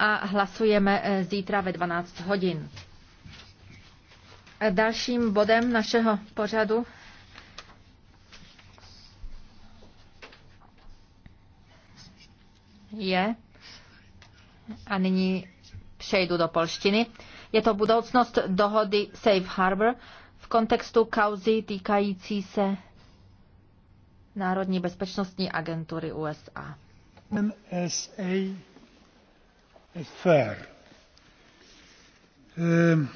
a hlasujeme eh, zítra ve 12 hodin. Eh, dalším bodem našeho pořadu je, a nyní přejdu do polštiny, je to budoucnost dohody Safe Harbor v kontextu kauzy týkající se Národní bezpečnostní agentury USA. NSA Um,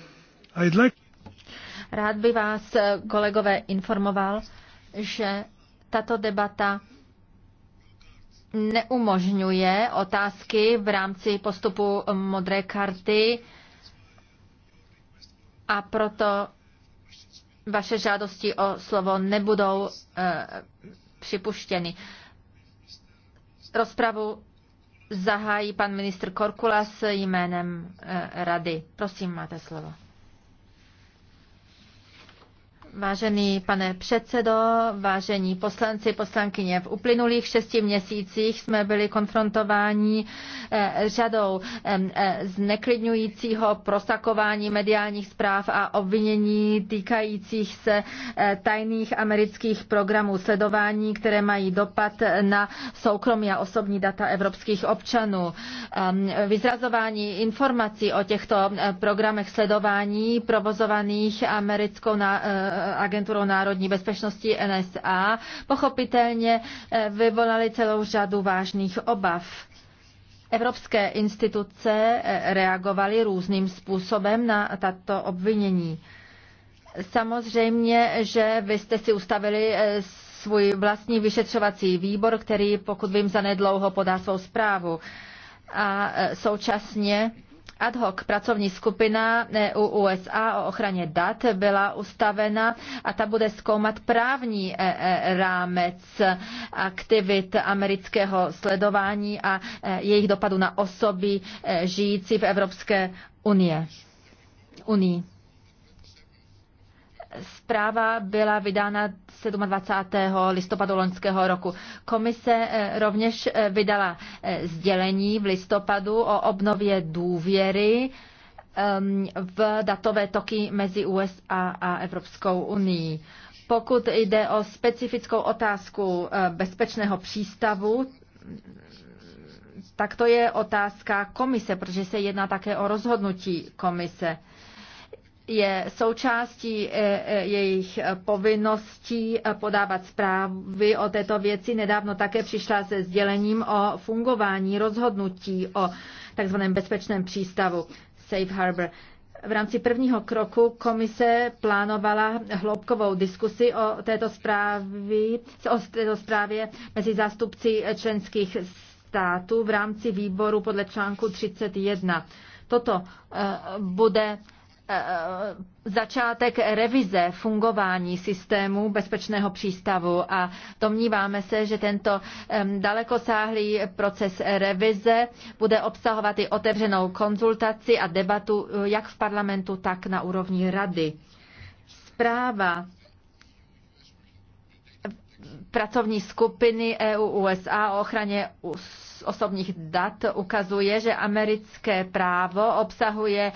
Rád by vás, eh, kolegové, informoval, že tato debata neumožňuje otázky v rámci postupu modré karty a proto vaše žádosti o slovo nebudou e, připuštěny. Rozpravu zahájí pan ministr Korkula s jménem eh, rady. Prosím, máte slovo. Vážený pane předsedo, vážení poslanci, poslankyně, v uplynulých šesti měsících jsme byli konfrontováni eh, řadou eh, eh, zneklidňujícího prosakování mediálních zpráv a obvinění týkajících se tajných amerických programů sledování, které mají dopad na soukromí a osobní data evropských občanů. Ehm, vyzrazování informací o těchto programech sledování provozovaných americkou na, agenturou národní bezpečnosti NSA, pochopitelně eh, vyvolaly celou řadu vážných obav. Evropské instituce eh, reagovaly různým způsobem na tato obvinění. Samozřejmě, že vy jste si ustavili eh, svůj vlastní vyšetřovací výbor, který, pokud vím, zanedlouho podá svou zprávu. A současně Ad hoc pracovní skupina EU-USA o ochraně dat byla ustavena a ta bude zkoumat právní e, e, rámec aktivit amerického sledování a e, jejich dopadu na osoby žijící v Evropské unie. unii. Zpráva byla vydána 27. listopadu loňského roku. Komise eh, rovněž eh, vydala eh, sdělení v listopadu o obnově důvěry ehm, v datové toky mezi USA a Evropskou unii. Pokud jde o specifickou otázku bezpečného přístavu, tak to je otázka komise, protože se jedná také o rozhodnutí komise je součástí eh, eh, jejich povinností eh, podávat zprávy o této věci. Nedávno také přišla se sdělením o fungování rozhodnutí o tzv. bezpečném přístavu Safe Harbor. V rámci prvního kroku komise plánovala hloubkovou diskusi o této, zprávy, o této zprávě mezi zástupci členských států v rámci výboru podle článku 31. Toto bude Eh, eh, začátek revize fungování systému bezpečného přístavu a domníváme se, že tento dalekosáhlý proces revize bude obsahovat i otevřenou konzultaci a debatu eh, jak v parlamentu, tak na úrovni rady. Zpráva pracovní skupiny EU-USA o ochraně osobních dat ukazuje, že americké právo obsahuje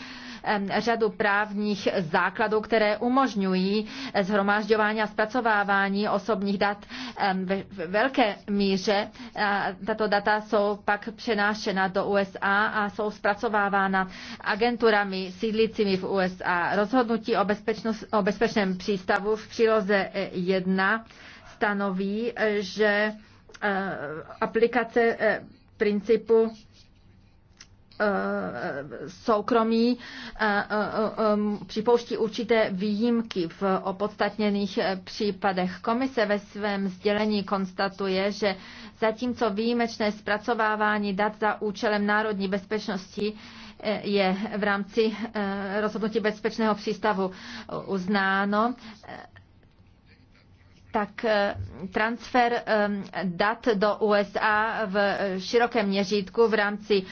řadu právních základů, které umožňují eh, zhromažďování a zpracovávání osobních dat ve velké míře. Tato data jsou pak přenášena do USA a jsou zpracovávána agenturami sídlícími v USA. Rozhodnutí o, o bezpečném přístavu v příloze 1 eh, stanoví, eh, že aplikace principu eh, soukromí eh, eh, připouští určité výjimky v opodstatněných případech. Komise ve svém sdělení konstatuje, že zatímco výjimečné zpracovávání dat za účelem národní bezpečnosti je v rámci rozhodnutí bezpečného přístavu uznáno tak eh, transfer eh, dat do USA v eh, širokém měřítku v rámci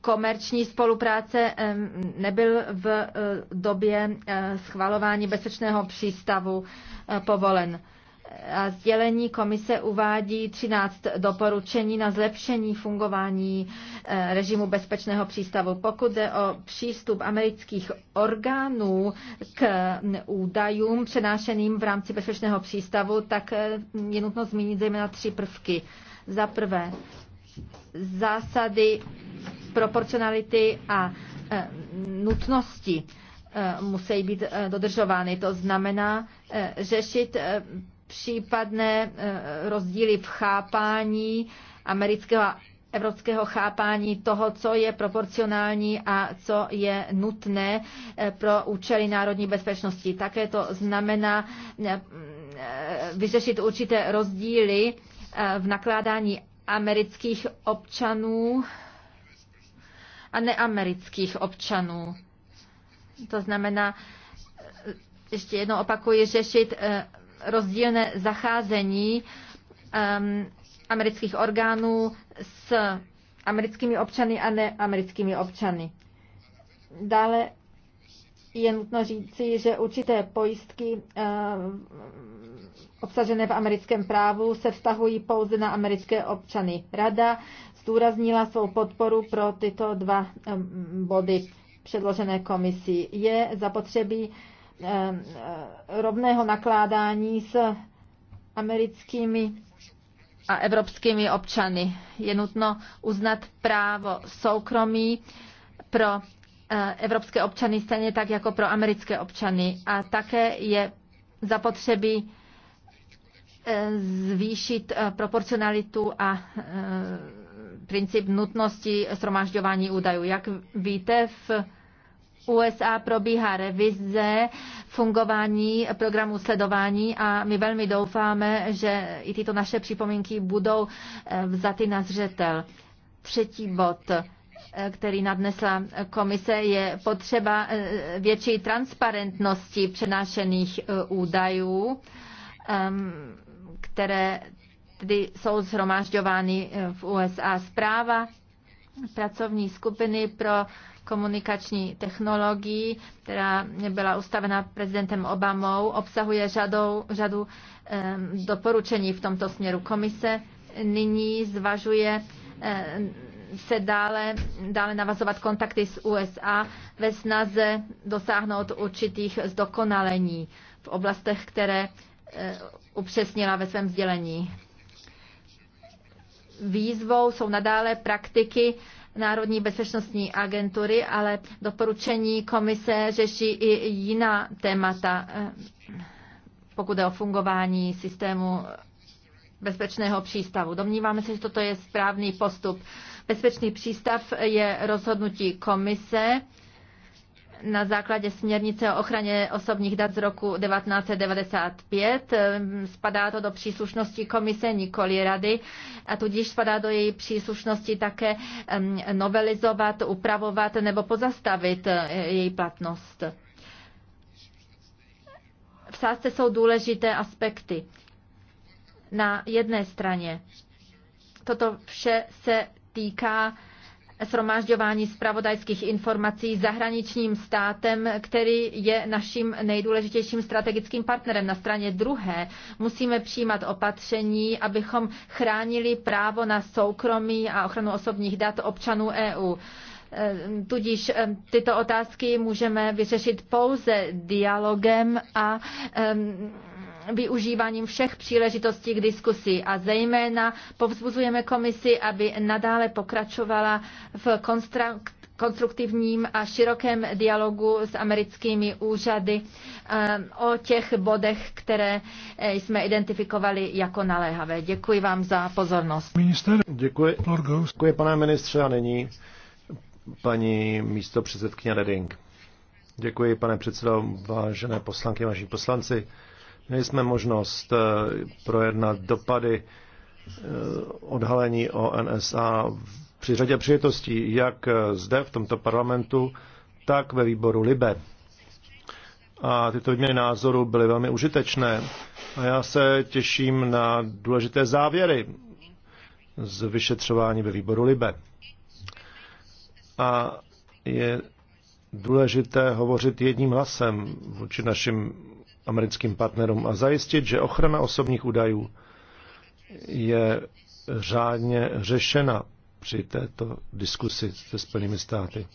komerční spolupráce nebyl v době schvalování bezpečného přístavu povolen. A sdělení komise uvádí 13 doporučení na zlepšení fungování eh, režimu bezpečného přístavu. Pokud jde o přístup amerických orgánů k mm, údajům přenášeným v rámci bezpečného přístavu, tak eh, je nutno zmínit zejména tři prvky. Za prvé, zásady proporcionality a eh, nutnosti musí být dodržovány. To znamená řešit případné eh, rozdíly v chápání amerického a evropského chápání toho, co je proporcionální a co je nutné eh, pro účely národní bezpečnosti. Také to znamená eh, vyřešit určité rozdíly v nakládání amerických občanů a neamerických občanů. To znamená, ještě jednou opakuji, řešit rozdílné zacházení ehm, amerických orgánů s americkými občany a neamerickými občany. Dále je nutno říci, že určité pojistky ehm, obsažené v americkém právu se vztahují pouze na americké občany. Rada zdůraznila svou podporu pro tyto dva ehm, body předložené komisí. Je zapotřebí Eh, rovného nakládání s americkými a evropskými občany. Je nutno uznat právo soukromí pro eh, evropské občany stejně tak jako pro americké občany. A také je zapotřebí eh, zvýšit proporcionalitu a princip nutnosti shromažďování údajů. Jak víte, v USA probíhá revize fungování programu sledování a my velmi doufáme, že i tyto naše připomínky budou eh, vzaty na zřetel. Třetí bod eh, který nadnesla komise, je potřeba eh, větší transparentnosti přenášených údajů, ehm, které tedy jsou zhromažďovány v USA. Zpráva pracovní skupiny pro komunikační technologií, která byla ustavena prezidentem Obamou, obsahuje řadou, řadu doporučení v tomto směru. Komise nyní zvažuje se dále, dále navazovat kontakty s USA ve snaze dosáhnout určitých zdokonalení v oblastech, které eh, upřesnila ve svém sdělení. Výzvou jsou nadále praktiky Národní bezpečnostní agentury, ale doporučení komise řeší i jiná témata, eh, pokud je o fungování systému bezpečného přístavu. Domníváme se, že toto je správný postup. Bezpečný přístav je rozhodnutí komise na základě směrnice o ochraně osobních dat z roku 1995. Spadá to do příslušnosti komise, nikoli rady, a tudíž spadá do její příslušnosti také novelizovat, upravovat nebo pozastavit e, její platnost. V sázce jsou důležité aspekty. Na jedné straně toto vše se týká shromažďování zpravodajských informací zahraničním státem, který je naším nejdůležitějším strategickým partnerem. Na straně druhé musíme přijímat opatření, abychom chránili právo na soukromí a ochranu osobních dat občanů EU. Eh, tudíž eh, tyto otázky můžeme vyřešit pouze dialogem a eh, využíváním všech příležitostí k diskusi a zejména povzbuzujeme komisi, aby nadále pokračovala v konstruktivním a širokém dialogu s americkými úřady eh, o těch bodech, které eh, jsme identifikovali jako naléhavé. Děkuji vám za pozornost. Minister, děkuji. Děkuji, pane ministře, a nyní paní místo předsedkyně Reding. Děkuji, pane předsedo, vážené poslanky, vážení poslanci. Měli jsme možnost eh, projednat dopady eh, odhalení o NSA při řadě přijetostí, jak eh, zde v tomto parlamentu, tak ve výboru Libe. A tyto výměny názoru byly velmi užitečné. A já se těším na důležité závěry z vyšetřování ve výboru Libe. A je důležité hovořit jedním hlasem vůči našim americkým partnerům a zajistit, že ochrana osobních údajů je řádně řešena při této diskusi se Spojenými státy.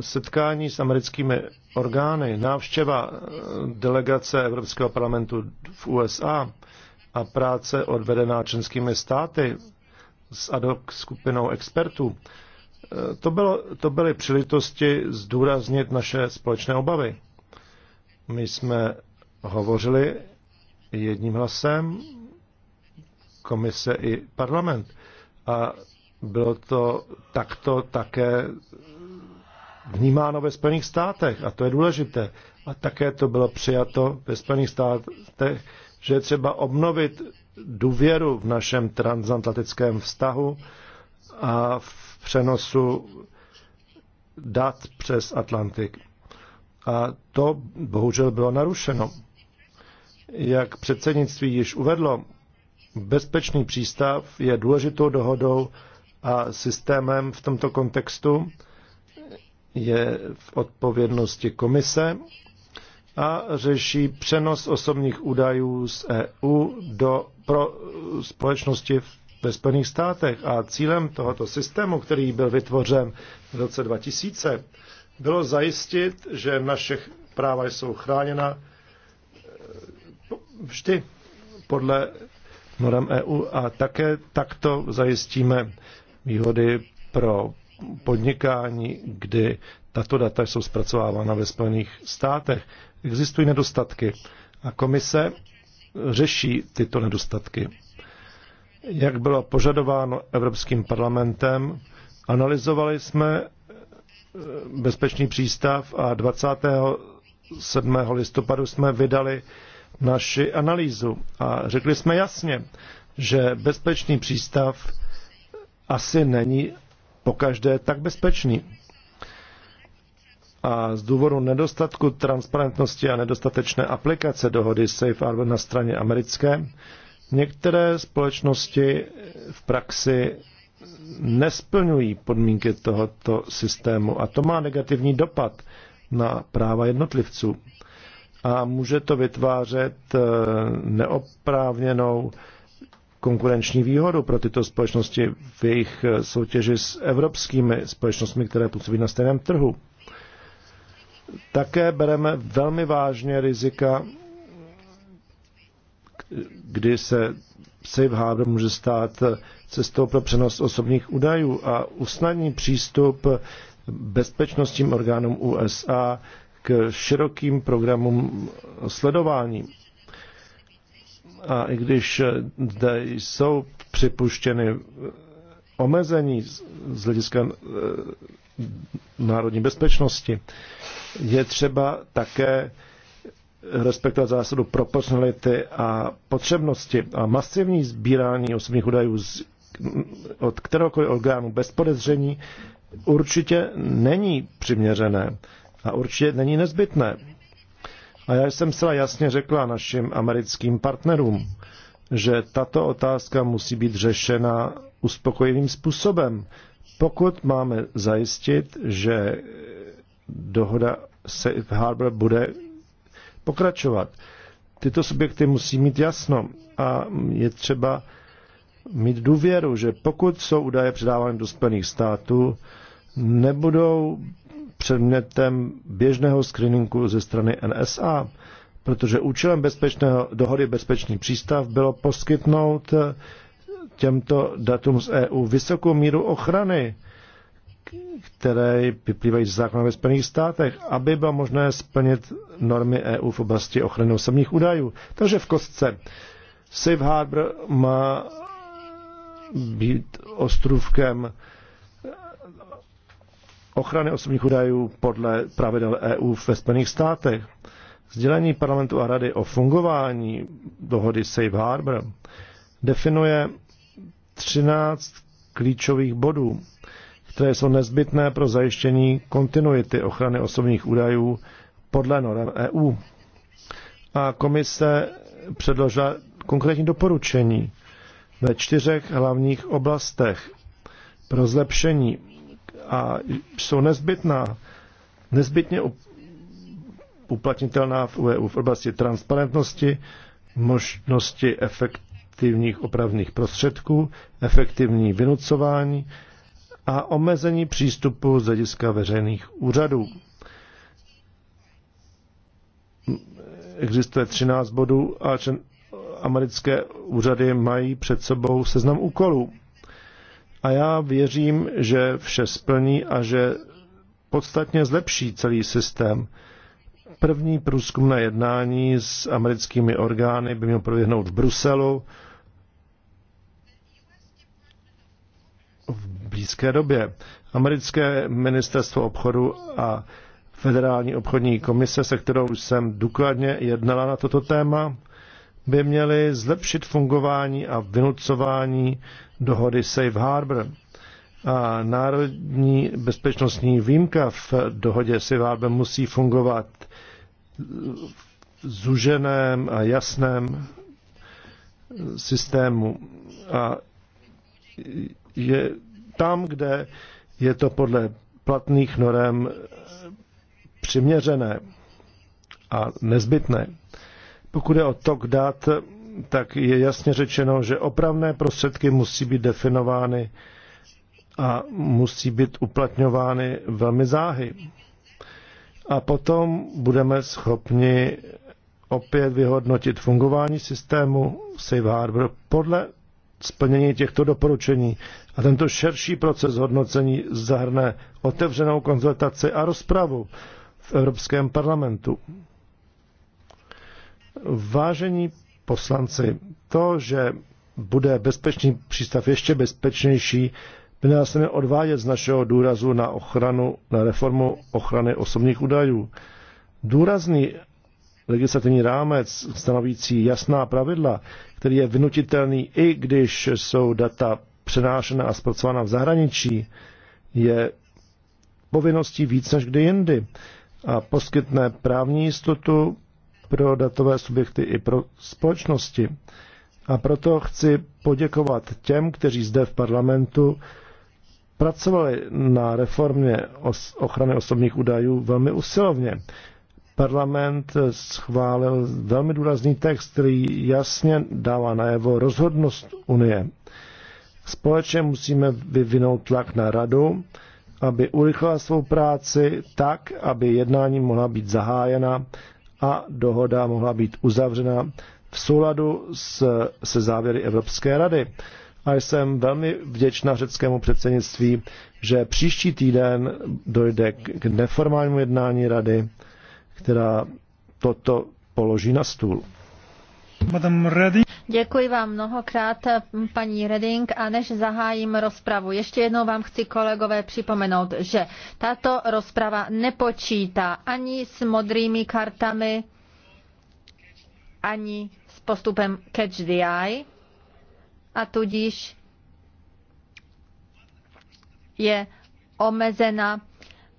Setkání s americkými orgány, návštěva eh, delegace Evropského parlamentu v USA a práce odvedená členskými státy s ad hoc skupinou expertů, eh, to, bylo, to byly příležitosti zdůraznit naše společné obavy. My jsme hovořili jedním hlasem, komise i parlament. A bylo to takto také vnímáno ve Spojených státech a to je důležité. A také to bylo přijato ve Spojených státech, že je třeba obnovit důvěru v našem transatlantickém vztahu a v přenosu dat přes Atlantik. A to bohužel bylo narušeno. Jak předsednictví již uvedlo, bezpečný přístav je důležitou dohodou a systémem v tomto kontextu je v odpovědnosti komise a řeší přenos osobních údajů z EU do pro společnosti ve Spojených státech. A cílem tohoto systému, který byl vytvořen v roce 2000, bylo zajistit, že naše práva jsou chráněna eh, vždy podle norm EU a také takto zajistíme výhody pro podnikání, kdy tato data jsou zpracovávána ve Spojených státech. Existují nedostatky a komise řeší tyto nedostatky. Jak bylo požadováno Evropským parlamentem, analyzovali jsme bezpečný přístav a 27. listopadu jsme vydali naši analýzu a řekli jsme jasně, že bezpečný přístav asi není pokaždé tak bezpečný. A z důvodu nedostatku transparentnosti a nedostatečné aplikace dohody Safe Harbor na straně americké, některé společnosti v praxi nesplňují podmínky tohoto systému a to má negativní dopad na práva jednotlivců a může to vytvářet eh, neoprávněnou konkurenční výhodu pro tyto společnosti v jejich eh, soutěži s evropskými společnostmi, které působí na stejném trhu. Také bereme velmi vážně rizika, kdy se safe harbor může stát eh, cestou pro přenos osobních údajů a usnadní přístup bezpečnostním orgánům USA k širokým programům sledování. A i když zde jsou připuštěny omezení z hlediska e, národní bezpečnosti, je třeba také respektovat zásadu proporcionality a potřebnosti. A masivní sbírání osobních údajů z od kteréhokoliv orgánu bez podezření určitě není přiměřené a určitě není nezbytné. A já jsem zcela jasně řekla našim americkým partnerům, že tato otázka musí být řešena uspokojivým způsobem, pokud máme zajistit, že dohoda Safe Harbor bude pokračovat. Tyto subjekty musí mít jasno a je třeba mít důvěru, že pokud jsou údaje předávány do Spojených států, nebudou předmětem běžného screeningu ze strany NSA, protože účelem bezpečného, dohody bezpečný přístav bylo poskytnout těmto datům z EU vysokou míru ochrany, které vyplývají z zákona ve Spojených státech, aby bylo možné splnit normy EU v oblasti ochrany osobních údajů. Takže v kostce Safe Harbor má být ostrůvkem ochrany osobních údajů podle pravidel EU ve Spojených státech. Sdělení parlamentu a rady o fungování dohody Safe Harbor definuje 13 klíčových bodů, které jsou nezbytné pro zajištění kontinuity ochrany osobních údajů podle norm EU. A komise předložila konkrétní doporučení ve čtyřech hlavních oblastech pro zlepšení a jsou nezbytná, nezbytně uplatnitelná v EU e v oblasti transparentnosti, možnosti efektivních opravných prostředků, efektivní vynucování a omezení přístupu z hlediska veřejných úřadů. Existuje 13 bodů a americké úřady mají před sebou seznam úkolů. A já věřím, že vše splní a že podstatně zlepší celý systém. První průzkumné jednání s americkými orgány by mělo proběhnout v Bruselu v blízké době. Americké ministerstvo obchodu a Federální obchodní komise, se kterou jsem důkladně jednala na toto téma, by měly zlepšit fungování a vynucování dohody Safe Harbor. A národní bezpečnostní výjimka v dohodě Safe Harbor musí fungovat v zuženém a jasném systému. A je tam, kde je to podle platných norem přiměřené a nezbytné. Pokud je o tok dat, tak je jasně řečeno, že opravné prostředky musí být definovány a musí být uplatňovány velmi záhy. A potom budeme schopni opět vyhodnotit fungování systému Safe Harbor podle splnění těchto doporučení. A tento širší proces hodnocení zahrne otevřenou konzultaci a rozpravu v Evropském parlamentu. Vážení poslanci, to, že bude bezpečný přístav ještě bezpečnější, by nás měl odvádět z našeho důrazu na ochranu, na reformu ochrany osobních údajů. Důrazný legislativní rámec stanovící jasná pravidla, který je vynutitelný i když jsou data přenášena a zpracována v zahraničí, je povinností víc než kdy jindy a poskytne právní jistotu pro datové subjekty i pro společnosti. A proto chci poděkovat těm, kteří zde v parlamentu pracovali na reformě ochrany osobních údajů velmi usilovně. Parlament schválil velmi důrazný text, který jasně dává najevo rozhodnost Unie. Společně musíme vyvinout tlak na radu, aby urychlila svou práci tak, aby jednání mohla být zahájena a dohoda mohla být uzavřena v souladu s, se závěry Evropské rady. A jsem velmi vděčná řeckému předsednictví, že příští týden dojde k neformálnímu jednání rady, která toto položí na stůl. Děkuji vám mnohokrát, paní Reding, a než zahájím rozpravu, ještě jednou vám chci kolegové připomenout, že tato rozprava nepočítá ani s modrými kartami, ani s postupem Catch the Eye, a tudíž je omezena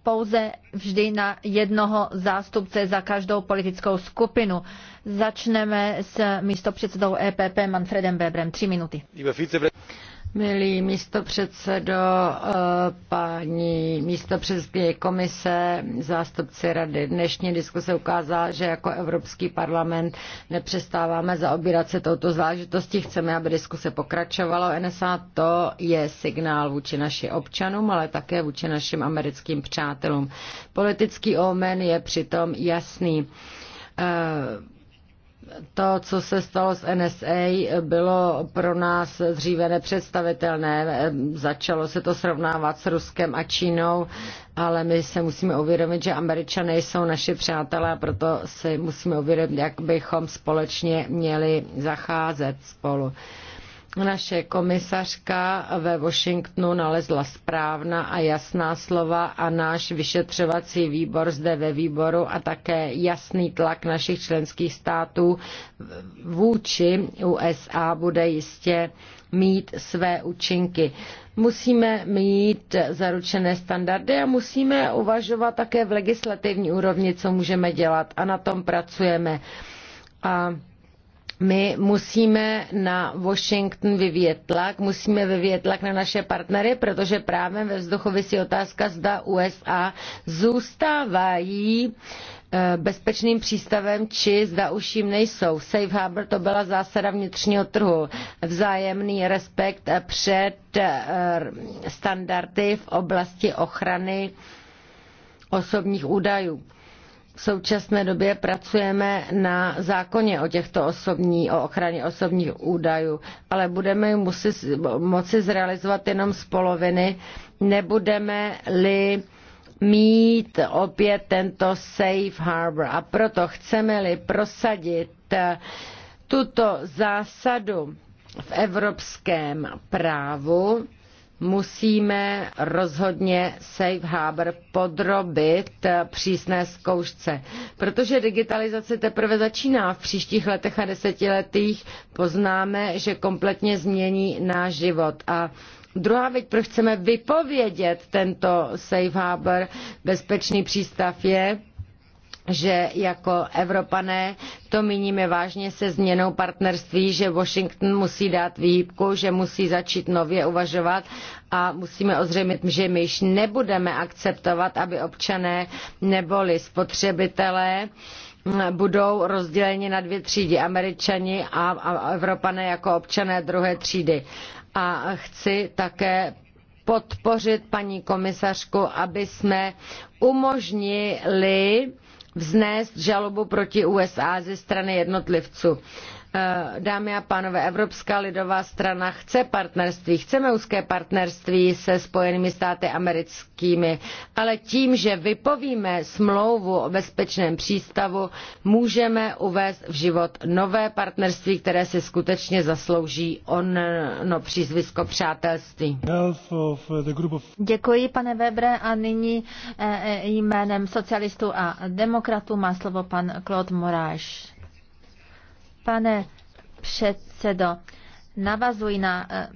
pouze vždy na jednoho zástupce za každou politickou skupinu. Začneme s místopředsedou EPP Manfredem Weberem. Tři minuty. Milý předsedo, eh, paní místo komise, zástupci rady, dnešní diskuse ukázala, že jako Evropský parlament nepřestáváme zaobírat se touto záležitostí. Chceme, aby diskuse pokračovala. NSA to je signál vůči našim občanům, ale také vůči našim americkým přátelům. Politický omen je přitom jasný eh, to, co se stalo s NSA, bylo pro nás dříve nepředstavitelné. Začalo se to srovnávat s Ruskem a Čínou, ale my se musíme uvědomit, že Američané jsou naši přátelé a proto si musíme uvědomit, jak bychom společně měli zacházet spolu naše komisařka ve Washingtonu nalezla správná a jasná slova a náš vyšetřovací výbor zde ve výboru a také jasný tlak našich členských států vůči USA bude jistě mít své účinky. Musíme mít zaručené standardy a musíme uvažovat také v legislativní úrovni, co můžeme dělat a na tom pracujeme. A my musíme na Washington vyvíjet tlak, musíme vyvíjet tlak na naše partnery, protože právě ve vzduchu vysí otázka, zda USA zůstávají eh, bezpečným přístavem, či zda už jim nejsou. Safe Harbor to byla zásada vnitřního trhu, vzájemný respekt před eh, standardy v oblasti ochrany osobních údajů v současné době pracujeme na zákoně o těchto osobní, o ochraně osobních údajů, ale budeme muset, moci zrealizovat jenom z poloviny, nebudeme-li mít opět tento safe harbor. A proto chceme-li prosadit eh, tuto zásadu v evropském právu, musíme rozhodně Safe Harbor podrobit přísné zkoušce, protože digitalizace teprve začíná. V příštích letech a desetiletích poznáme, že kompletně změní náš život. A Druhá věc, proč chceme vypovědět tento safe harbor, bezpečný přístav je, že jako Evropané to míníme vážně se změnou partnerství, že Washington musí dát výhybku, že musí začít nově uvažovat a musíme ozřejmit, že my již nebudeme akceptovat, aby občané neboli spotřebitelé budou rozděleni na dvě třídy, američani a, a Evropané jako občané druhé třídy. A chci také podpořit paní komisařku, aby jsme umožnili vznést žalobu proti USA ze strany jednotlivců. Eh, dámy a pánové, Evropská lidová strana chce partnerství, chceme úzké partnerství se Spojenými státy americkými, ale tím, že vypovíme smlouvu o bezpečném přístavu, můžeme uvést v život nové partnerství, které si skutečně zaslouží on, přízvisko přátelství. Děkuji, pane Webre, a nyní eh, eh, jménem socialistů a demokratů má slovo pan Claude Moráš. Pane předsedo, navazuji na eh,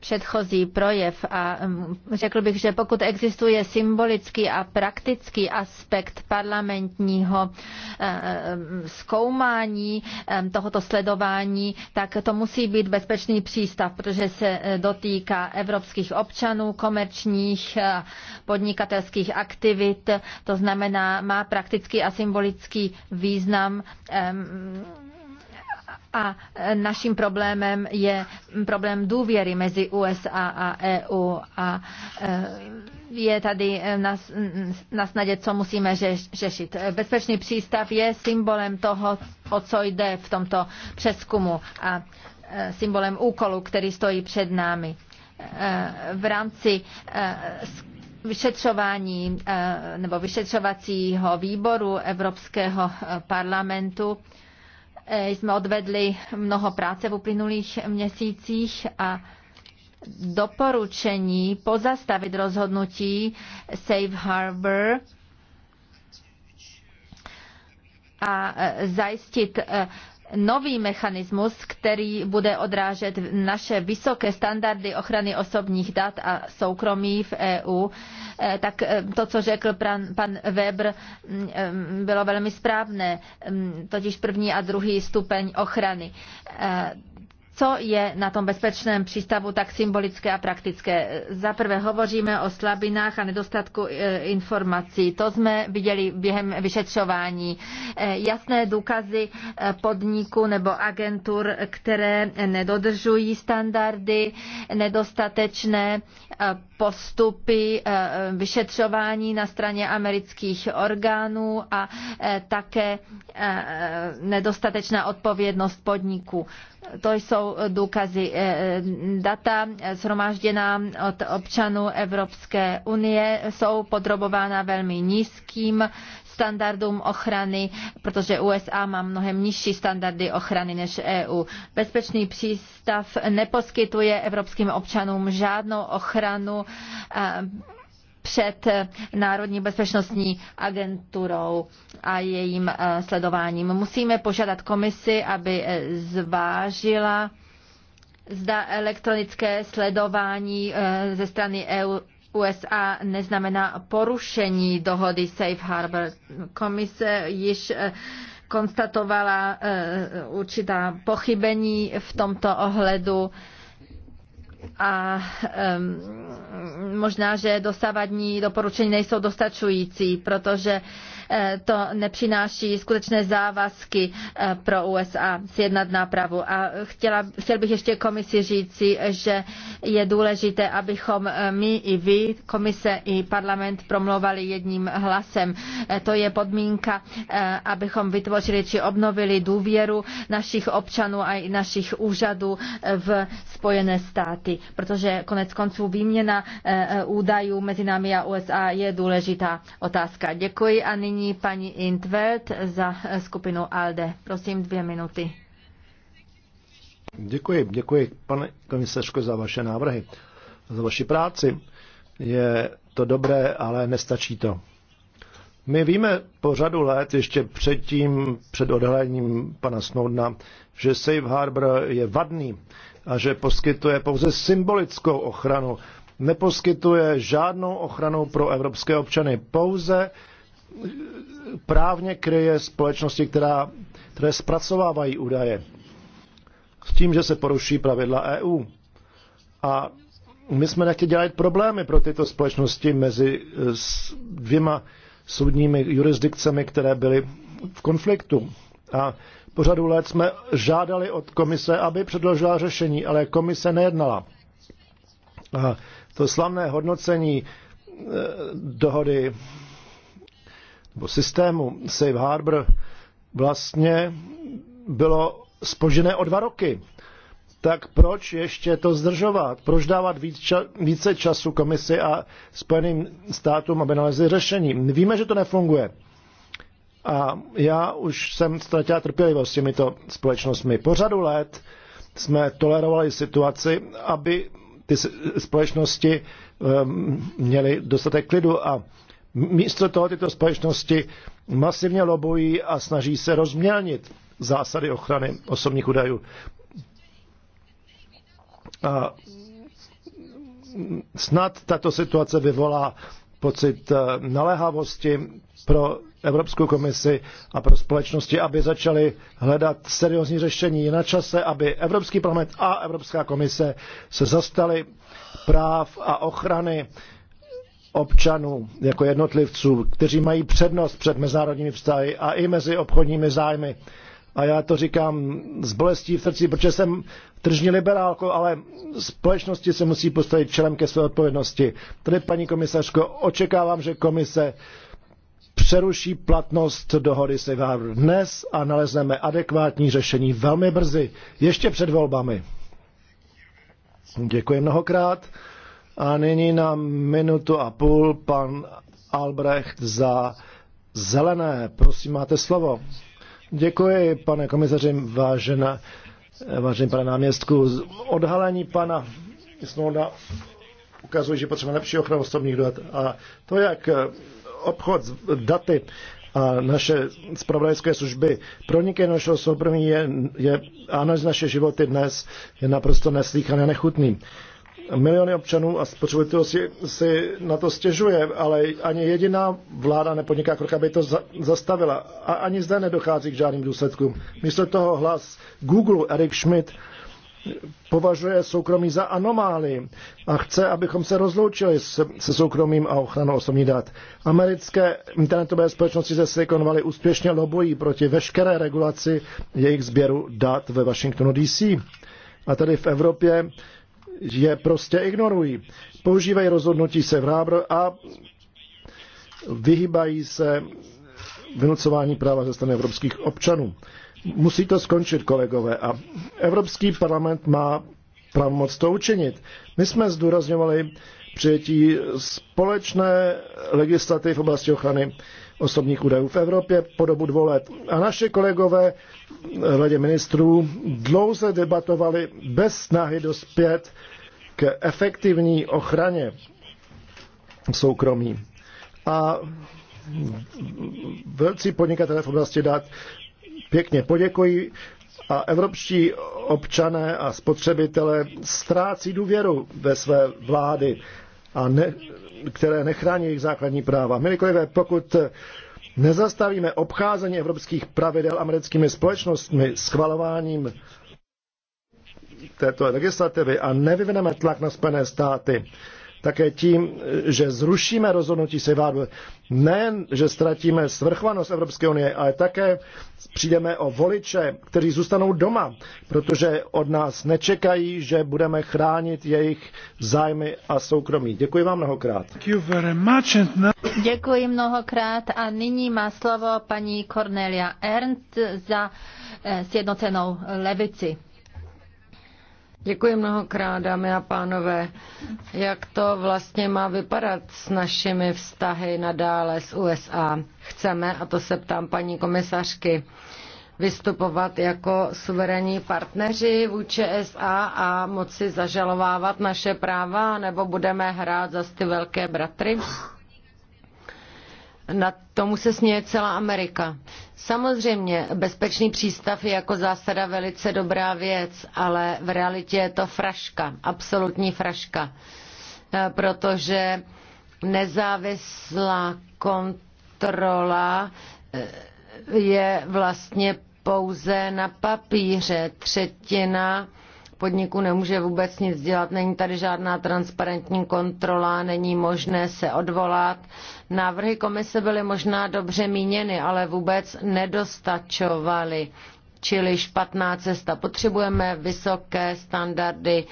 předchozí projev a mm, řekl bych, že pokud existuje symbolický a praktický aspekt parlamentního eh, eh, zkoumání tohoto sledování, tak to musí být bezpečný přístav, protože se dotýká evropských občanů, komerčních, podnikatelských aktivit, to znamená, má praktický a symbolický význam a e, naším problémem je problém důvěry mezi USA a EU a e e, je tady na, na snadě, co musíme řeš, řešit. Bezpečný přístav je symbolem toho, o co jde v tomto přeskumu a symbolem úkolu, který stojí před námi. V rámci vyšetřování nebo vyšetřovacího výboru Evropského parlamentu Eh, jsme odvedli mnoho práce v uplynulých měsících a doporučení pozastavit rozhodnutí Safe Harbor a eh, zajistit eh, nový mechanismus, který bude odrážet naše vysoké standardy ochrany osobních dat a soukromí v EU, e, tak e, to, co řekl pan, Weber, e, bylo velmi správné, totiž první a druhý stupeň ochrany co je na tom bezpečném přístavu tak symbolické a praktické? Za prvé hovoříme o slabinách a nedostatku e, informací. To jsme viděli během vyšetřování. E, jasné důkazy e, podniku nebo agentur, které nedodržují standardy, nedostatečné postupy vyšetřování na straně amerických orgánů a také nedostatečná odpovědnost podniků. To jsou důkazy eh, data shromážděná od občanů Evropské unie. Jsou podrobována velmi nízkým standardům ochrany, protože USA má mnohem nižší standardy ochrany než EU. Bezpečný přístav neposkytuje evropským občanům žádnou ochranu eh, před eh, Národní bezpečnostní agenturou a jejím eh, sledováním. Musíme požádat komisi, aby eh, zvážila, zda elektronické sledování ze strany EU USA neznamená porušení dohody Safe Harbor. Komise již konstatovala určitá pochybení v tomto ohledu a možná, že dosavadní doporučení nejsou dostačující, protože e, to nepřináší skutečné závazky e, pro USA sjednat nápravu. A chtěla, chtěl bych ještě komisi říci, že je důležité, abychom e, my i vy, komise i parlament promlouvali jedním hlasem. To je podmínka, abychom vytvořili či obnovili důvěru našich občanů a i našich úřadů v Spojené státy státy, protože konec konců výměna eh, eh, údajů mezi námi a USA je důležitá otázka. Děkuji a nyní paní Intveld za eh, skupinu ALDE. Prosím dvě minuty. Děkuji, děkuji pane komisařko za vaše návrhy, za vaši práci. Je to dobré, ale nestačí to. My víme po řadu let, ještě předtím, před odhalením pana Snowdena, že Safe Harbor je vadný a že poskytuje pouze symbolickou ochranu. Neposkytuje žádnou ochranu pro evropské občany, pouze eh, právně kryje společnosti, která, které zpracovávají údaje. S tím, že se poruší pravidla EU. A my jsme nechtěli dělat problémy pro tyto společnosti mezi eh, dvěma soudními jurisdikcemi, které byly v konfliktu. A po řadu let jsme žádali od komise, aby předložila řešení, ale komise nejednala. A to slavné hodnocení e, dohody nebo systému Safe Harbor vlastně bylo spožené o dva roky tak proč ještě to zdržovat? Proč dávat víc ča- více času komisi a Spojeným státům, aby nalezli řešení? Víme, že to nefunguje. A já už jsem ztratila trpělivost s těmito společnostmi. Po řadu let jsme tolerovali situaci, aby ty společnosti um, měly dostatek klidu a místo toho tyto společnosti masivně lobují a snaží se rozmělnit zásady ochrany osobních údajů. A snad tato situace vyvolá pocit eh, naléhavosti pro Evropskou komisi a pro společnosti, aby začaly hledat seriózní řešení na čase, aby Evropský parlament a Evropská komise se zastali práv a ochrany občanů jako jednotlivců, kteří mají přednost před mezinárodními vztahy a i mezi obchodními zájmy a já to říkám s bolestí v srdci, protože jsem tržní liberálko, ale společnosti se musí postavit čelem ke své odpovědnosti. Tady, paní komisařko, očekávám, že komise přeruší platnost dohody se Harbor dnes a nalezneme adekvátní řešení velmi brzy, ještě před volbami. Děkuji mnohokrát. A nyní na minutu a půl pan Albrecht za zelené. Prosím, máte slovo. Děkuji, pane komisaři, vážená, vážený pane náměstku. Odhalení pana Snowda ukazuje, že potřebujeme lepší ochranu osobních dat. A to, jak obchod s daty a naše spravodajské služby pronikají do našeho soukromí je, je, a naše životy dnes je naprosto neslíchané nechutný. Miliony občanů a spotřebitelů si, si na to stěžuje, ale ani jediná vláda nepodniká krok, aby to za, zastavila. A ani zde nedochází k žádným důsledkům. Místo toho hlas Google Eric Schmidt považuje soukromí za anomálii a chce, abychom se rozloučili se, se soukromím a ochranou osobních dat. Americké internetové společnosti ze Silicon Valley úspěšně lobují proti veškeré regulaci jejich sběru dat ve Washingtonu DC. A tady v Evropě je prostě ignorují. Používají rozhodnutí se v a vyhýbají se vynucování práva ze strany evropských občanů. Musí to skončit, kolegové, a Evropský parlament má pravomoc to učinit. My jsme zdůrazňovali přijetí společné legislativy v oblasti ochrany osobních údajů v Evropě po dobu dvou let. A naše kolegové v radě ministrů dlouze debatovali bez snahy dospět k efektivní ochraně soukromí. A velcí podnikatelé v oblasti dat pěkně poděkují a evropští občané a spotřebitelé ztrácí důvěru ve své vlády a ne, které nechrání jejich základní práva. Milí kolegové, pokud nezastavíme obcházení evropských pravidel americkými společnostmi schvalováním této legislativy a nevyvineme tlak na Spojené státy, také tím, že zrušíme rozhodnutí Sejvádu. Ne, že ztratíme svrchovanost Evropské unie, ale také přijdeme o voliče, kteří zůstanou doma, protože od nás nečekají, že budeme chránit jejich zájmy a soukromí. Děkuji vám mnohokrát. Děkuji mnohokrát a nyní má slovo paní Cornelia Ernst za eh, sjednocenou levici. Děkuji mnohokrát, dámy a pánové. Jak to vlastně má vypadat s našimi vztahy nadále s USA? Chceme, a to se ptám paní komisařky, vystupovat jako suverénní partneři vůči SA a moci zažalovávat naše práva, nebo budeme hrát za ty velké bratry? Na tomu se směje celá Amerika. Samozřejmě, bezpečný přístav je jako zásada velice dobrá věc, ale v realitě je to fraška, absolutní fraška, e, protože nezávislá kontrola e, je vlastně pouze na papíře. Třetina podniků nemůže vůbec nic dělat, není tady žádná transparentní kontrola, není možné se odvolat. Návrhy komise byly možná dobře míněny, ale vůbec nedostačovaly, čili špatná cesta. Potřebujeme vysoké standardy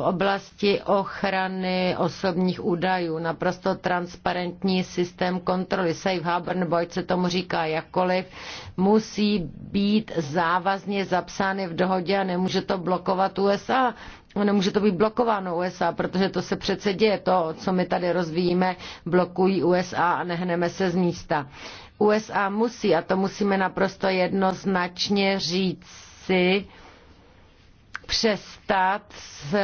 v oblasti ochrany osobních údajů, naprosto transparentní systém kontroly, safe harbor, nebo ať se tomu říká jakkoliv, musí být závazně zapsány v dohodě a nemůže to blokovat USA. Nemůže to být blokováno USA, protože to se přece děje. To, co my tady rozvíjíme, blokují USA a nehneme se z místa. USA musí, a to musíme naprosto jednoznačně říct si, přestat s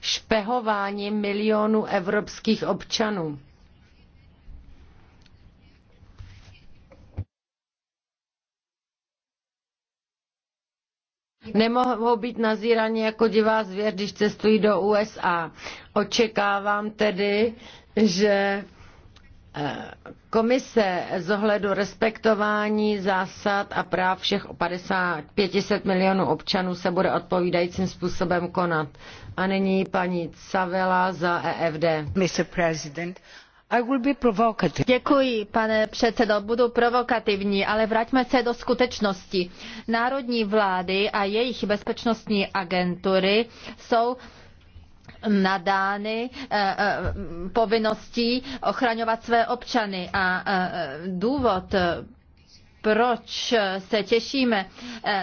špehováním milionů evropských občanů. nemohou být nazíráni jako divá zvěř, když cestují do USA. Očekávám tedy, že Komise z ohledu respektování zásad a práv všech 50, 500 milionů občanů se bude odpovídajícím způsobem konat. A nyní paní Savela za EFD. Mr. President, i will be provocative. Děkuji, pane předsedo, budu provokativní, ale vraťme se do skutečnosti. Národní vlády a jejich bezpečnostní agentury jsou nadány eh, eh, povinností ochraňovat své občany a eh, důvod proč se těšíme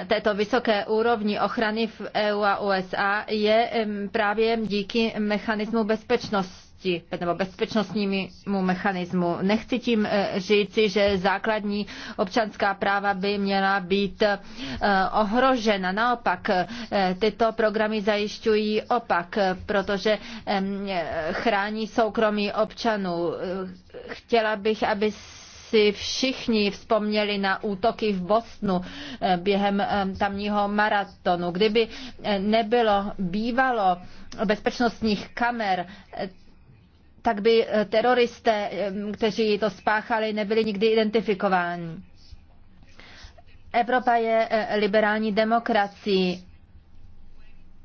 této vysoké úrovni ochrany v EU a USA, je právě díky mechanismu bezpečnosti bezpečnosti nebo bezpečnostnímu mechanismu. Nechci tím eh, říci, že základní občanská práva by měla být eh, ohrožena. Naopak, eh, tyto programy zajišťují opak, protože chrání soukromí občanů. Chtěla bych, aby si všichni vzpomněli na útoky v Bosnu během tamního maratonu. Kdyby nebylo bývalo bezpečnostních kamer, tak by eh, teroristé, eh, kteří to spáchali, nebyli nikdy identifikováni. Evropa je eh, liberální demokracií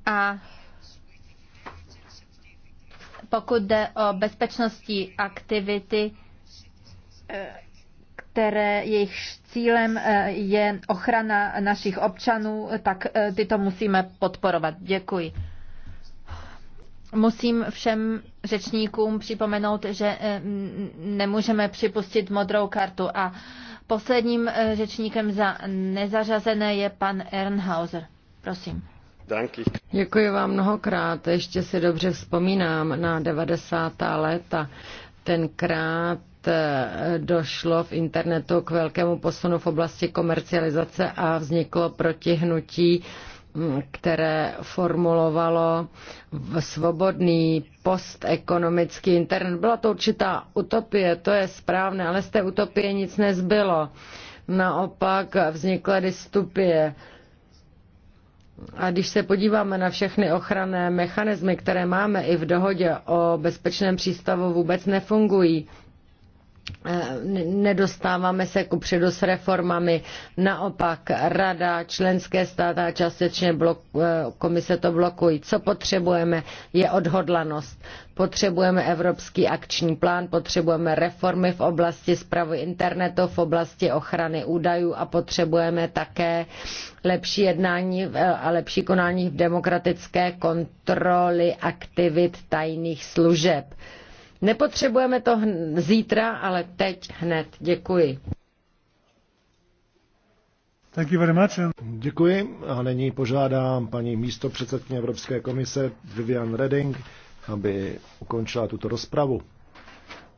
a pokud jde o bezpečnostní aktivity, které jejich cílem je ochrana našich občanů, tak tyto musíme podporovat. Děkuji. Musím všem řečníkům připomenout, že eh, nemůžeme připustit modrou kartu. A posledním eh, řečníkem za nezařazené je pan Ernhauser. Prosím. Děkuji vám mnohokrát. Ještě si dobře vzpomínám na 90. léta. Tenkrát eh, došlo v internetu k velkému posunu v oblasti komercializace a vzniklo protihnutí hnutí které formulovalo v svobodný postekonomický internet. Byla to určitá utopie, to je správné, ale z té utopie nic nezbylo. Naopak vznikla dystopie. A když se podíváme na všechny ochranné mechanismy, které máme i v dohodě o bezpečném přístavu, vůbec nefungují. Eh, nedostáváme se ku předu s reformami. Naopak rada, členské státy a částečně blok, eh, komise to blokují. Co potřebujeme je odhodlanost. Potřebujeme evropský akční plán, potřebujeme reformy v oblasti zpravy internetu, v oblasti ochrany údajů a potřebujeme také lepší jednání eh, a lepší konání v demokratické kontroly aktivit tajných služeb. Nepotřebujeme to zítra, ale teď hned. Děkuji. Thank you very much. Děkuji a nyní požádám paní místo předsedkyně Evropské komise Vivian Redding, aby ukončila tuto rozpravu.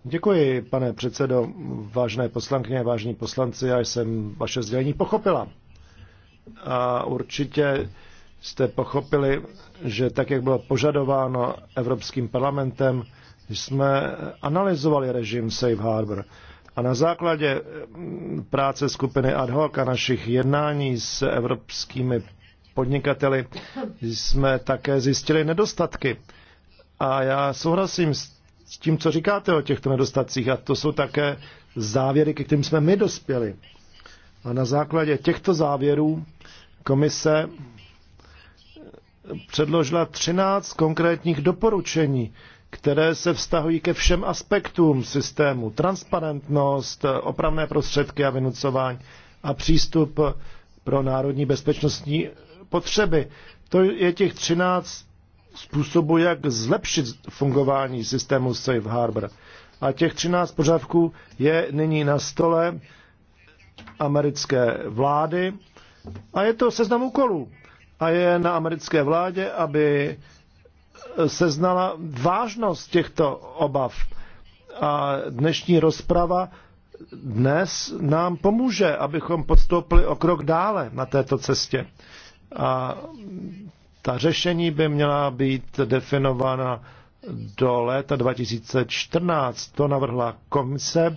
Děkuji, pane předsedo, vážné poslankyně, vážní poslanci, já jsem vaše sdělení pochopila. A určitě jste pochopili, že tak, jak bylo požadováno Evropským parlamentem, jsme analyzovali režim Safe Harbor a na základě práce skupiny ad hoc a našich jednání s evropskými podnikateli jsme také zjistili nedostatky. A já souhlasím s tím, co říkáte o těchto nedostatcích a to jsou také závěry, ke kterým jsme my dospěli. A na základě těchto závěrů komise předložila 13 konkrétních doporučení které se vztahují ke všem aspektům systému. Transparentnost, opravné prostředky a vynucování a přístup pro národní bezpečnostní potřeby. To je těch 13 způsobů, jak zlepšit fungování systému Safe Harbor. A těch 13 požadavků je nyní na stole americké vlády a je to seznam úkolů. A je na americké vládě, aby seznala vážnost těchto obav. A dnešní rozprava dnes nám pomůže, abychom podstoupili o krok dále na této cestě. A ta řešení by měla být definována do léta 2014, to navrhla komise,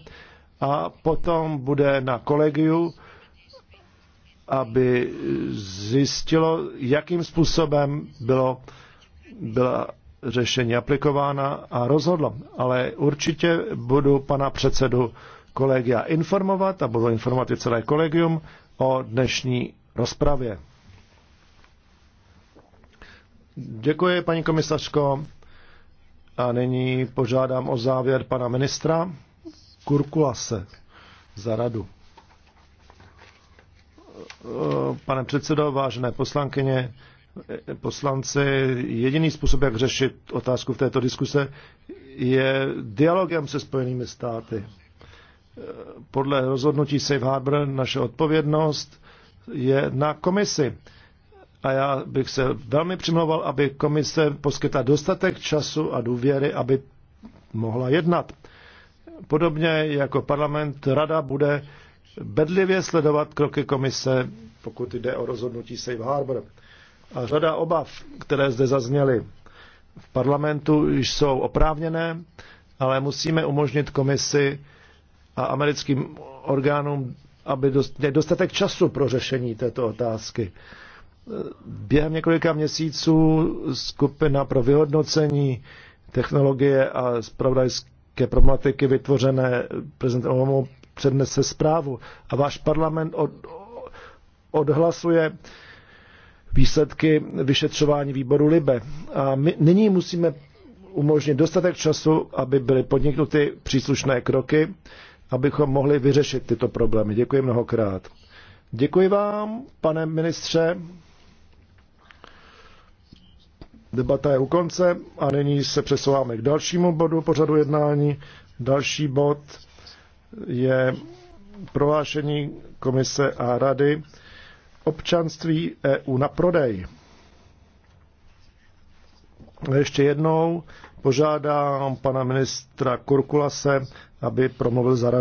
a potom bude na kolegiu, aby zjistilo, jakým způsobem bylo byla řešení aplikována a rozhodlo. Ale určitě budu pana předsedu kolegia informovat a budu informovat i celé kolegium o dnešní rozpravě. Děkuji, paní komisařko. A nyní požádám o závěr pana ministra Kurkulase za radu. Pane předsedo, vážené poslankyně, poslanci, jediný způsob, jak řešit otázku v této diskuse, je dialogem se Spojenými státy. Podle rozhodnutí Safe Harbor naše odpovědnost je na komisi. A já bych se velmi přimloval, aby komise poskytla dostatek času a důvěry, aby mohla jednat. Podobně jako parlament, rada bude bedlivě sledovat kroky komise, pokud jde o rozhodnutí Safe Harbor. A řada obav, které zde zazněly v parlamentu, jsou oprávněné, ale musíme umožnit komisi a americkým orgánům, aby dostatek času pro řešení této otázky. Během několika měsíců skupina pro vyhodnocení technologie a zpravodajské problematiky vytvořené prezident Obamou přednese zprávu a váš parlament od, odhlasuje výsledky vyšetřování výboru Libe. A my nyní musíme umožnit dostatek času, aby byly podniknuty příslušné kroky, abychom mohli vyřešit tyto problémy. Děkuji mnohokrát. Děkuji vám, pane ministře. Debata je u konce a nyní se přesouváme k dalšímu bodu pořadu jednání. Další bod je prohlášení komise a rady občanství EU na prodej. Ještě jednou požádám pana ministra Korkulase, aby promluvil za radu.